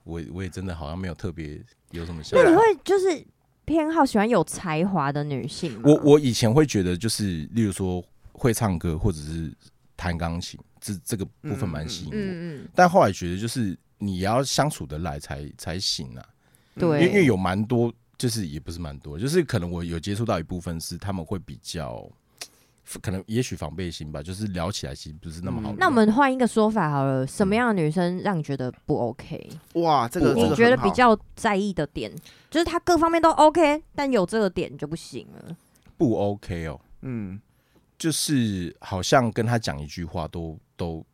我我也真的好像沒有特別有什麼想法。那你會就是偏好喜歡有才華的女性？我我以前會覺得就是，例如說會唱歌或者是彈鋼琴，這這個部分蠻吸引的。嗯，嗯，但後來覺得就是你要相處得來才才行啊。對。因因為有蠻多，就是也不是蠻多，就是可能我有接觸到一部分是他們會比較。可能也許防備心吧，就是聊起來其實不是那麼好，嗯。那我們換一個說法好了，什麼樣的女生讓你覺得不 OK？嗯，哇，這個是很好你覺得比較在意的點，就是她各方面都 OK，但有這個點就不行了。不 OK 哦，嗯，就是好像跟她講一句話都都，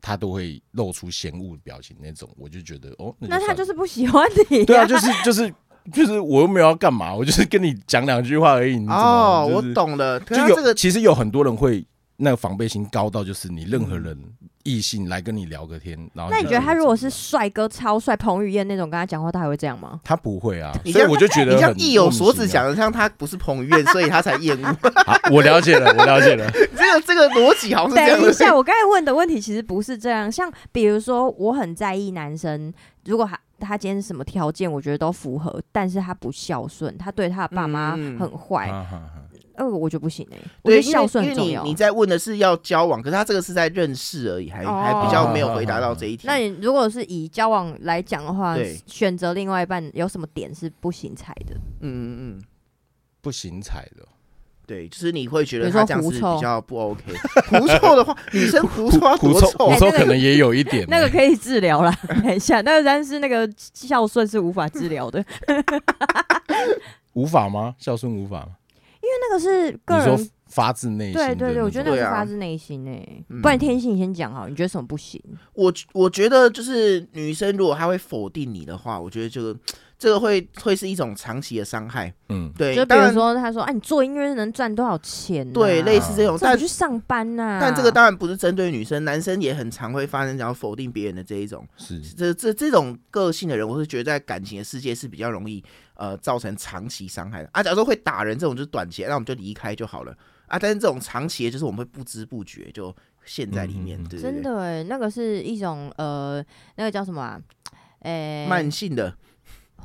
她都會露出嫌惡的表情那種，我就覺得哦，那她就，就是不喜歡你，啊。 <laughs> 對啊，就是就是。 <laughs> 就是我又沒有要幹嘛，我就是跟你講兩句話而已你，就是。哦，我懂了。是這個，就有這個，其實有很多人會那個防備心高到，就是你任何人異性來跟你聊個天，然後那你覺得他如果是帥哥超帥、嗯、彭於晏那種，跟他講話他還會這樣嗎？他不會啊，所以我就覺得、啊、你像意有所指，講的像他不是彭於晏，所以他才厭惡 <laughs> 我了解了，我了解了。 <laughs> 這個這個邏輯好像等一下、欸，我剛才問的問題其實不是這樣。像比如說，我很在意男生，如果還。他今天什麼條件，我覺得都符合，但是他不孝順，他對他的爸媽很壞、嗯嗯，呃，我覺得不行誒、欸，我覺得孝順重要你。你在問的是要交往，可是他這個是在認識而已，還、哦、還比較沒有回答到這一點、哦哦哦哦哦。那你如果是以交往來講的話，選擇另外一半有什麼點是不行踩的？嗯嗯嗯，不行踩的。對，就是你會覺得他這樣子比較不 OK，狐臭， <laughs> 狐臭的話，女生狐臭，狐臭可能也有一點，那個可以治療啦。 <laughs> 療啦 <laughs> 等一下，但是那個孝順是無法治療的， <laughs> 無法嗎？孝順無法？因為那個是個人說發自內心。對對對，對，對，我覺得那是發自內心誒、欸啊。不然天性你先講哈，你覺得什麼不行？我我覺得就是女生如果她會否定你的話，我覺得就是。這個會會是一種長期的傷害，嗯，對。就比如說，他說：“哎、啊，你做音樂能賺多少錢、啊？”對，類似這種，啊、但是你去上班吶、啊。但這個當然不是針對女生，男生也很常會發生，然後否定別人的這一種。是，這這這種個性的人，我是覺得在感情的世界是比較容易呃造成長期傷害的啊。假如說會打人這種就是短期，那、啊、我們就離開就好了啊。但是這種長期的，就是我們會不知不覺就陷在裡面，嗯、對，對，對，真的，那個是一種呃，那個叫什麼、啊？誒、欸，慢性的。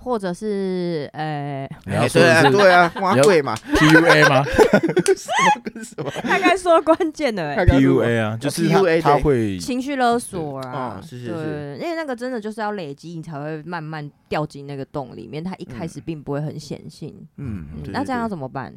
或者是呃、欸欸，對啊對啊，花，對嘛，PUA 嗎？ <laughs> 是什麼他該說關鍵的哎，PUA 啊，是就是 PUA 他會、就是，他會情緒勒索啊，是是是是對，因為那個真的就是要累積，你才會慢慢掉進那個洞裡面。他一開始並不會很顯性，嗯，嗯，嗯，對對對，那這樣要怎麼辦？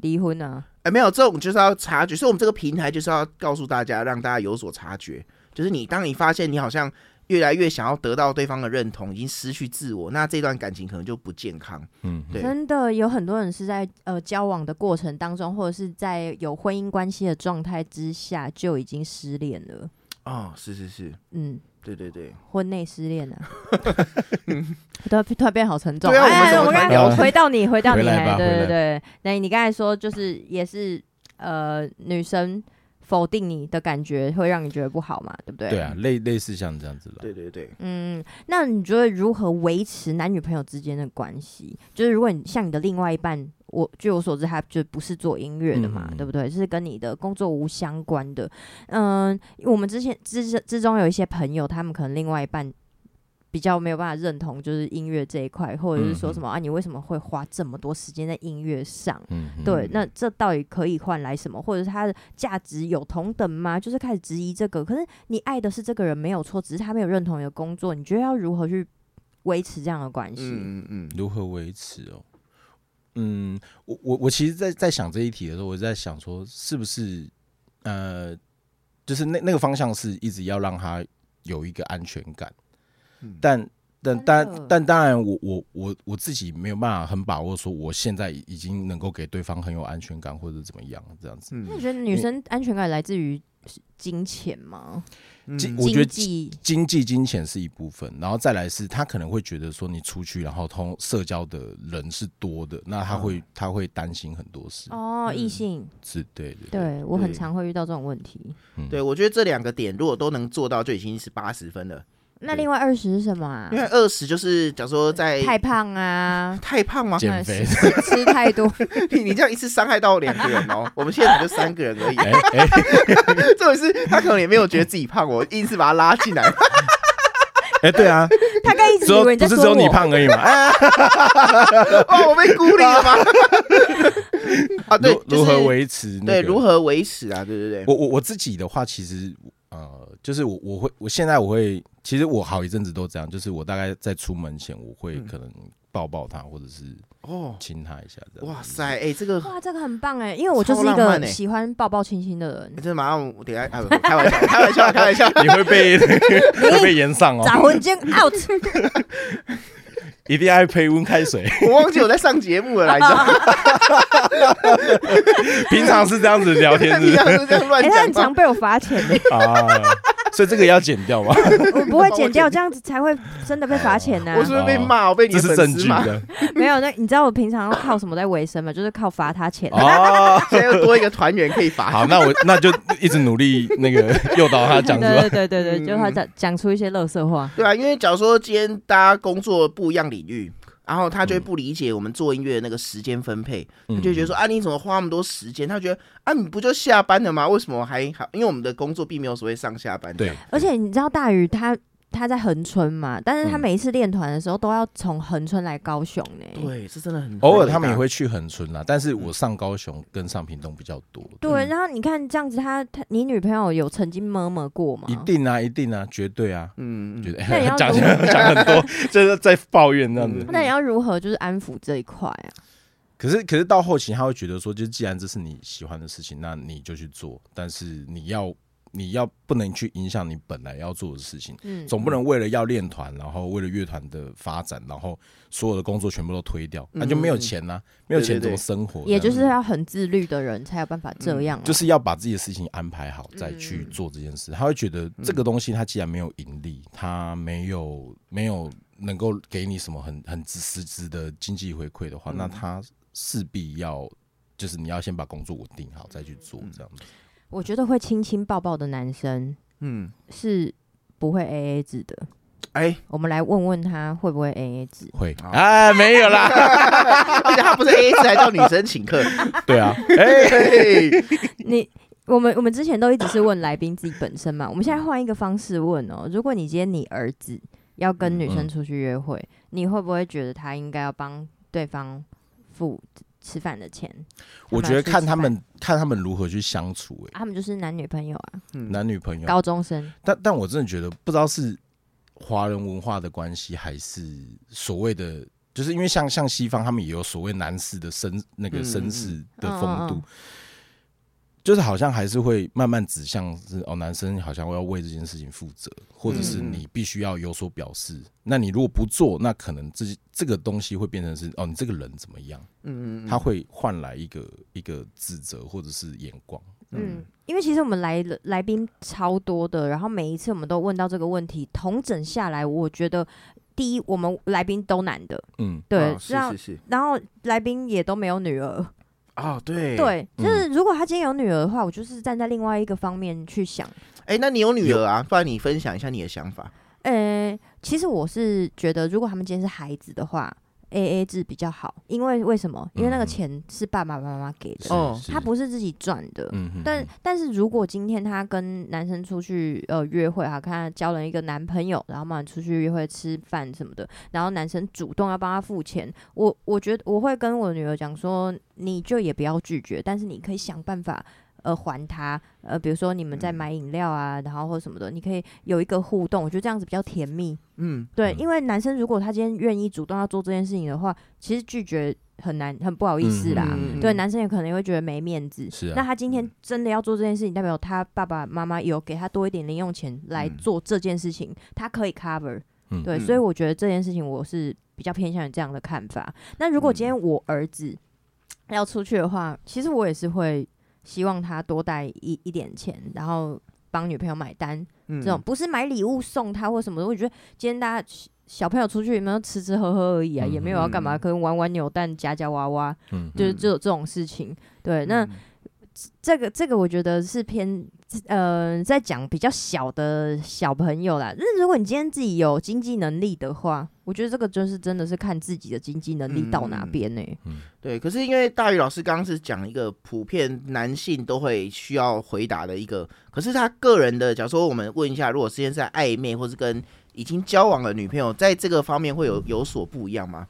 離婚呢、啊？哎、欸，沒有這種就是要察覺，所以我們這個平台就是要告訴大家，讓大家有所察覺，就是你當你發現你好像。越來越想要得到對方的認同，已經失去自我，那這段感情可能就不健康。嗯，對，真的有很多人是在呃交往的過程當中，或者是在有婚姻關係的狀態之下，就已經失戀了。哦，是是是。嗯，對對對，對，婚內失戀啊，突 <laughs> 然 <laughs> 突然變好沉重。對、啊哎哎、我剛剛我我，回到你，回，回到你來，來，對對對，那你剛才說就是也是呃女生。否定你的感覺會讓你覺得不好嘛，對不對？對啊，類類似像這樣子吧。對對對，嗯，那你覺得如何維持男女朋友之間的關係？就是如果你像你的另外一半，我據我所知，他就不是做音樂的嘛，嗯，對不對？是跟你的工作無相關的。嗯，呃，我們之前之之中有一些朋友，他們可能另外一半，比較沒有辦法認同，就是音樂這一塊，或者是說什麼、嗯、啊？你為什麼會花這麼多時間在音樂上、嗯？對，那這到底可以換來什麼？或者是它的價值有同等嗎？就是開始質疑這個。可是你愛的是這個人沒有錯，只是他沒有認同你的工作。你覺得要如何去維持這樣的關係？嗯嗯，如何維持哦？嗯，我我我其實在，在在想這一題的時候，我在想說，是不是呃，就是那那個方向是一直要讓他有一個安全感。但但但但當然我，我我我我自己沒有辦法很把握說，我現在已經能夠給對方很有安全感，或者怎麼樣這樣子，嗯。那你覺得女生安全感來自於金錢嗎？嗯、我覺得經濟經濟金錢是一部分，然後再來是他可能會覺得說你出去然後通社交的人是多的，嗯，那他會他會擔心很多事。哦，異性，嗯，是對的。對，對，對，對我很常會遇到這種問題。對，對我覺得這兩個點如果都能做到，就已經是八十分了。那另外二十是什麼、啊？因為二十就是假如說在太胖啊，太胖嗎？減肥，吃太多。你你這樣一次傷害到兩個人哦， <laughs> 我們現在才就三個人而已。哎、欸，這回事他可能也沒有覺得自己胖，我硬是把他拉進來。哎、 <laughs> 欸，對啊，他剛一直以為不是只有你胖而已嘛？啊、 <laughs> <laughs> 哦，我被孤立了嗎？ <laughs> 啊對、就是那個，對，如何維持？對，如何維持啊？對對對，我我我自己的話，其實呃，就是我我會，我現在我會。其實我好一陣子都這樣，就是我大概在出門前，我會可能抱抱他，或者是哦親他一下、嗯。哇塞，哎、欸，這個哇，這個很棒哎、欸，因為我就是一個喜歡抱抱親親的人。真的、欸欸這個、上我等下、哎、開、玩 <laughs> 開玩笑，開玩笑，開玩笑，你會被你 <laughs> 會被延上哦、喔，斬魂劍 out <laughs> 。一定要配溫開水， <laughs> 我忘記我在上節目了來着。 <laughs> 道 <laughs> 平常是這樣子聊天是是，平常是這樣亂、欸、很常被我罰錢的。 <laughs> <laughs> <laughs> 所以這個也要剪掉嗎？ <laughs> 我不會剪掉，這樣子才會真的被罰錢呢、啊。 <laughs> 我是，不是被罵，我被你、哦、是證據的。 <laughs> <laughs> 沒有，那你知道我平常要靠什麼在維生嗎？就是靠罰他錢哦。 <laughs> 有多一個團員可以罰。 <laughs> 好，那我那就一直努力那個誘 <laughs> 導他講什麼？ <laughs> 對對對，對，對就他講講出一些垃圾話、嗯。對啊，因為假如說今天大家工作不一樣領域。然後他就不理解我們做音樂的那個時間分配，嗯、他就覺得說啊，你怎麼花那麼多時間？他覺得啊，你不就下班了嗎？為什麼還好？因為我們的工作並沒有所謂上下班這樣。對，而且你知道大魚他。他在恆春嘛，但是他每一次練團的時候、嗯、都要從恆春來高雄呢、欸。對，是真的很偶爾他們也會去恆春啦、嗯，但是我上高雄跟上屏東比較多、嗯。對，然後你看這樣子他，他他你女朋友有曾經摸摸過嗎？一定啊，一定啊，絕對啊，嗯，絕對。講、欸、很多，講很多，就是在抱怨這樣子。那、嗯、你要如何就是安撫這一塊啊？可是可是到後期他會覺得說，就既然這是你喜歡的事情，那你就去做，但是你要。你要不能去影響你本來要做的事情，嗯，總不能為了要練團，然後為了樂團的發展，然後所有的工作全部都推掉，那、嗯啊、就沒有錢啦、啊，沒有錢怎麼生活？對對對。也就是要很自律的人才有辦法這樣、啊嗯，就是要把自己的事情安排好再去做這件事、嗯。他會覺得這個東西他既然沒有盈利，嗯、他沒有沒有能夠給你什麼很很實質的經濟回饋的話，嗯、那他勢必要就是你要先把工作穩定好再去做這樣子。嗯我覺得會親親抱抱的男生，嗯，是不會 A A 製的。哎、欸，我們來問問他會不會 A A 製？會啊，沒有啦， <laughs> 而且他不是 A A 製，還叫女生請客。 <laughs> 對啊，哎、 <laughs> 欸，你我們我們之前都一直是問來賓自己本身嘛，我們現在換一個方式問哦。如果你今天你兒子要跟女生出去約會，嗯嗯你會不會覺得他應該要幫對方付？吃飯的錢，我覺得看他們，他們，看，他們看他們如何去相處，欸，他們就是男女朋友啊，嗯，男女朋友，高中生。但但我真的覺得，不知道是華人文化的關係，還是所謂的，就是因為像像西方，他們也有所謂男士的紳，嗯，那個紳士的風度。嗯嗯嗯嗯嗯就是好像還是會慢慢指向是哦，男生好像要為這件事情負責，或者是你必須要有所表示、嗯。那你如果不做，那可能這這個東西會變成是哦，你這個人怎麼樣？嗯嗯，他會換來一個一個指責，或者是眼光。嗯，嗯因為其實我們來來賓超多的，然後每一次我們都問到這個問題，統整下來，我覺得第一我們來賓都男的，嗯，對，啊、是是是然後然後來賓也都沒有女兒。哦，對，對，就是如果他今天有女兒的話，嗯、我就是站在另外一個方面去想。誒、欸，那你有女兒啊？不然你分享一下你的想法。誒、欸，其實我是覺得，如果他們今天是孩子的話。A A 制比較好，因為為什麼？因為那個錢是爸爸媽媽給的、嗯，他不是自己賺的。但是但是如果今天他跟男生出去呃約會、啊，跟他交了一個男朋友，然後嘛出去約會吃飯什麼的，然後男生主動要幫他付錢，我我覺得我會跟我女兒講說，你就也不要拒絕，但是你可以想辦法。呃，還他呃，比如說你們在買飲料啊，然後或者什麼的，你可以有一個互動，我覺得這樣子比較甜蜜。嗯，對，嗯、因為男生如果他今天願意主動要做這件事情的話，其實拒絕很難，很不好意思啦。嗯嗯、對、嗯，男生也可能會覺得沒面子。是、啊。那他今天真的要做這件事情，代表他爸爸媽媽有給他多一點零用錢來做這件事情，嗯、他可以 cover、嗯。對、嗯，所以我覺得這件事情我是比較偏向於這樣的看法、嗯。那如果今天我兒子要出去的話，其實我也是會。希望他多帶一一點錢，然後幫女朋友買單，嗯、這種不是買禮物送他或什麼的。我覺得今天大家小朋友出去有沒有吃吃喝喝而已啊，嗯嗯也沒有要幹嘛，可能玩玩扭蛋、夾夾娃娃，嗯嗯就是這種這種事情。對，嗯、那這個這個我覺得是偏。嗯、呃，在講比較小的小朋友啦。那如果你今天自己有經濟能力的話，我覺得這個就是真的是看自己的經濟能力到哪邊呢、欸？嗯，對。可是因為大魚老師剛剛是講一個普遍男性都會需要回答的一個，可是他個人的，假如說我們問一下，如果之前在曖昧或是跟已經交往的女朋友，在這個方面會有有所不一樣嗎？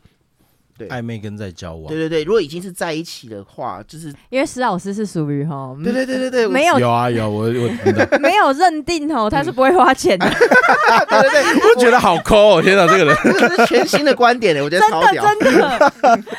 對曖昧跟在交往，對對對，如果已經是在一起的話，就是、嗯、因為石老師是屬於哈，對、嗯、對對對對，沒有有啊有啊，我我、 <laughs> 嗯、沒有認定哦，他是不會花錢的，嗯、 <laughs> 對對對我，我覺得好摳哦，天哪，這個人 <laughs> 這是全新的觀點嘞、欸，我覺得真的真的，真的 <laughs>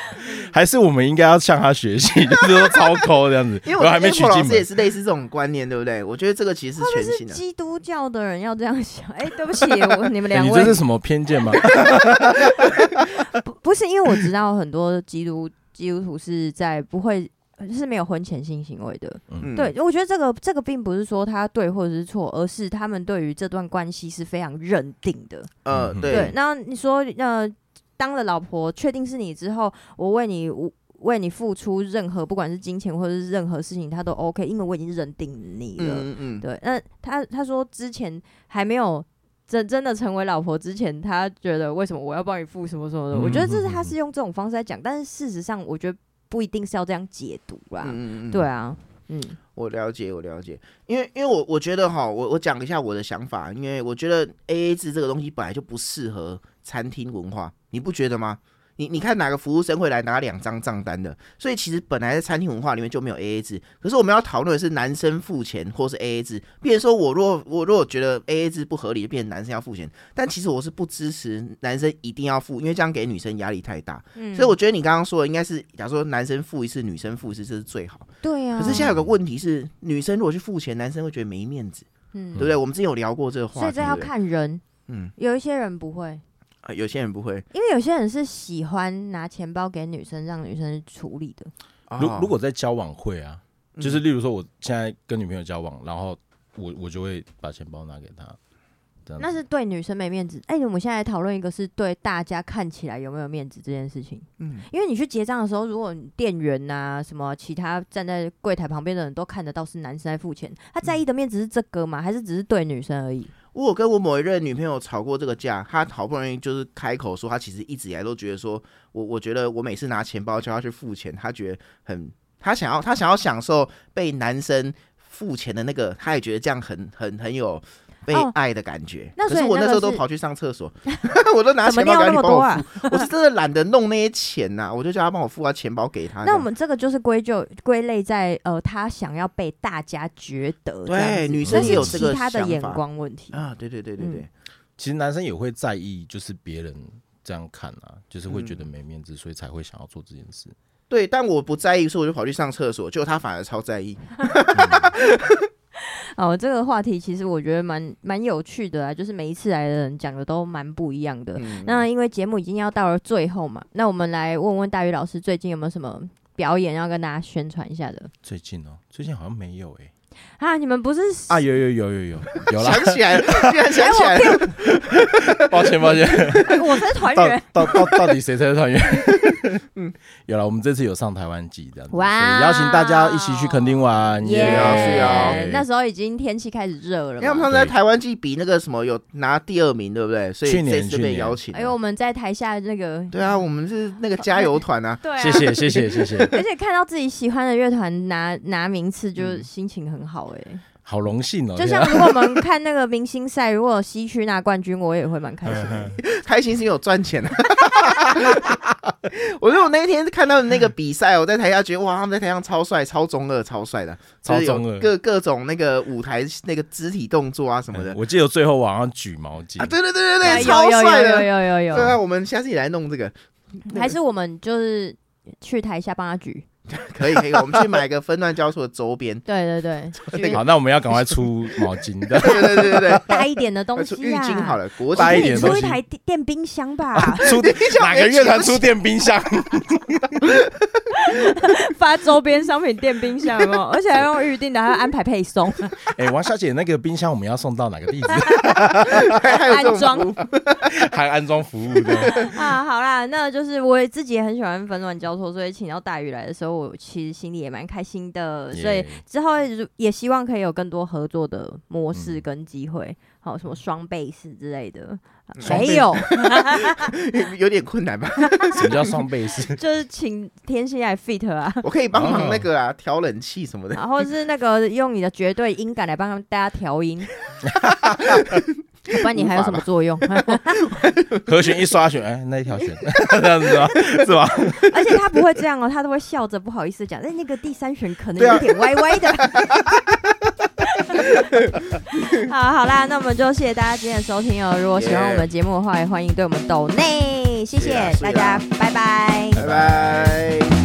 還是我們應該要向他學習，就是說超摳這樣子， <laughs> 因為我，我還沒娶進門，其實也是類似這種觀念，對不對？我覺得這個其實是全新的，基督教的人要這樣想，哎、欸，對不起，我你們兩個、欸、你這是什麼偏見嗎？ <laughs> 不 <laughs> 不是因為我知道很多基督基督徒是在不會是沒有婚前性行為的，嗯、對，我覺得這個這個並不是說他對或者是錯，而是他們對於這段關係是非常認定的。嗯、對、嗯。那你說，那、呃、當了老婆，確定是你之後，我為你為你付出任何，不管是金錢或者是任何事情，他都 OK，因為我已經認定你了。嗯嗯對。那他他說之前還沒有。真真的成為老婆之前，他覺得為什麼我要幫你付什麼什麼的、嗯哼哼哼。我覺得這是他是用這種方式來講，但是事實上，我覺得不一定是要這樣解讀啦。嗯嗯嗯，對啊，嗯，我了解，我了解，因為因為我我覺得哈，我我講一下我的想法，因為我覺得 AA 制這個東西本來就不適合餐廳文化，你不覺得嗎？你你看哪個服務生會來拿兩張賬單的？所以其實本來在餐廳文化裡面就沒有 AA 制，可是我們要討論的是男生付錢或是 AA 制。變成說，我如果我如果覺得 AA 制不合理，就變成男生要付錢。但其實我是不支持男生一定要付，因為這樣給女生壓力太大。所以我覺得你剛剛說的應該是，假如說男生付一次，女生付一次，這是最好。對呀。可是現在有個問題是，女生如果去付錢，男生會覺得沒面子。嗯，對不對？我們之前有聊過這個話題，所以要看人。嗯，有一些人不會。有些人不會，因為有些人是喜歡拿錢包給女生，讓女生處理的。如、哦、如果在交往會啊，就是例如說，我現在跟女朋友交往，嗯、然後我我就會把錢包拿給她。那是對女生沒面子。哎、欸，我們現在來討論一個是對大家看起來有沒有面子這件事情。嗯，因為你去結賬的時候，如果店員啊什麼其他站在櫃檯旁邊的人都看得到是男生在付錢，他在意的面子是這個嗎？嗯、還是只是對女生而已？我跟我某一任女朋友吵過這個架，她好不容易就是開口說，她其實一直以來都覺得說我，我覺得我每次拿錢包叫她去付錢，她覺得很，她想要，她想要享受被男生付錢的那個，她也覺得這樣很很很有。被愛的感覺，哦、可是我那時候都跑去上廁所，所 <laughs> 我都拿錢包給他、啊、幫我付，我是真的懶得弄那些錢吶、啊， <laughs> 我就叫他幫我付、啊，下錢包給他。那我們這個就是歸咎、歸類在呃，他想要被大家覺得，對，女生也、就是、有這個他的眼光問題、嗯、啊，對對對對對、嗯，其實男生也會在意，就是別人這樣看啊，就是會覺得沒面子、嗯，所以才會想要做這件事。對，但我不在意，所以我就跑去上廁所，結果他反而超在意。 <laughs> 嗯 <laughs> 哦，這個話題其實我覺得蠻蠻有趣的啊，就是每一次來的人講的都蠻不一樣的。嗯、那因為節目已經要到了最後嘛，那我們來問問大魚老師最近有沒有什麼表演要跟大家宣傳一下的？最近哦，最近好像沒有哎、欸。啊！你們不是啊？有有有有有，有了，想起來了，居然想起來了。抱 <laughs> 歉、哎、 <laughs> 抱歉，抱歉 <laughs> 哎、我才是團員。到到到，到到底誰才是團員？ <laughs> 嗯，有了，我們這次有上台灣季，這樣哇邀請大家一起去墾丁玩。Yeah、也要去啊、okay。那時候已經天氣開始熱了。因為他們在台灣季比那個什麼有拿第二名，對不對？所以去年就被邀請。還有、哎、我們在台下的那個。對啊，我們是那個加油團啊。對，啊對啊，謝謝謝謝謝謝。謝謝 <laughs> 而且看到自己喜歡的樂團拿拿名次，就心情很高。好哎、欸，好榮幸哦！就像如果我們看那個明星賽， <laughs> 如果有西區拿冠軍，我也會蠻開心的。 <laughs> 開心是有賺錢的。 <laughs> <laughs> 我覺得我那一天看到的那個比賽， <laughs> 我在台下覺得哇，他們在台上超帥、超中二、超帥的，超中二，各種那個舞台、那個肢體動作啊什麼的，我記得有最後往上舉毛巾啊，對對對對對，超帥的。有有，有，有，有，有，有，有，有，有對啊，我們下次也來弄這個，還是我們就是去台下幫他舉。可以可以，我們去買個分段交錯的周邊。 <laughs> 對，對對對，好，那我們要趕快出毛巾。對 <laughs> 對對對，對，對大一點的東西，啊，浴巾好了，大一點東西，出一台電電冰箱吧， <laughs> 出，出電冰箱。哪個樂團出電冰箱？發周邊商品，電冰箱，哦。而且還用預定的，還要安排配送。哎、 <laughs> 欸，王小姐，那個冰箱我們要送到哪個地址？ <laughs> 安裝，還安裝服務。的。 <laughs> 啊，好啦，那就是我也自己也很喜歡分段交錯，所以請到大魚來的時候。我其實心裡也蠻開心的，Yeah. 所以之後也希望可以有更多合作的模式跟機會。好、嗯，什麼雙倍式之類的，沒有， <laughs> <laughs> 有點困難吧？ <laughs> 什麼叫雙倍式？就是請天蠍來 fit 啊，我可以幫忙那個啊，調、oh. 冷氣什麼的，然後是那個用你的絕對音感來幫他們大家調音。 <laughs> <laughs> 不管你還有什麼作用？和弦 <laughs> 一刷弦，哎，那一條弦 <laughs> 這樣子是吧？ <laughs> 是吧？而且他不會這樣哦，他都會笑着不好意思講。哎、欸，那個第三弦可能有點歪歪的。啊、 <laughs> <laughs> 好好啦，那我們就謝謝大家今天的收聽哦。如果喜歡我們節目的話，也歡迎對我們抖內。Yeah, 謝謝大家，拜拜，拜拜。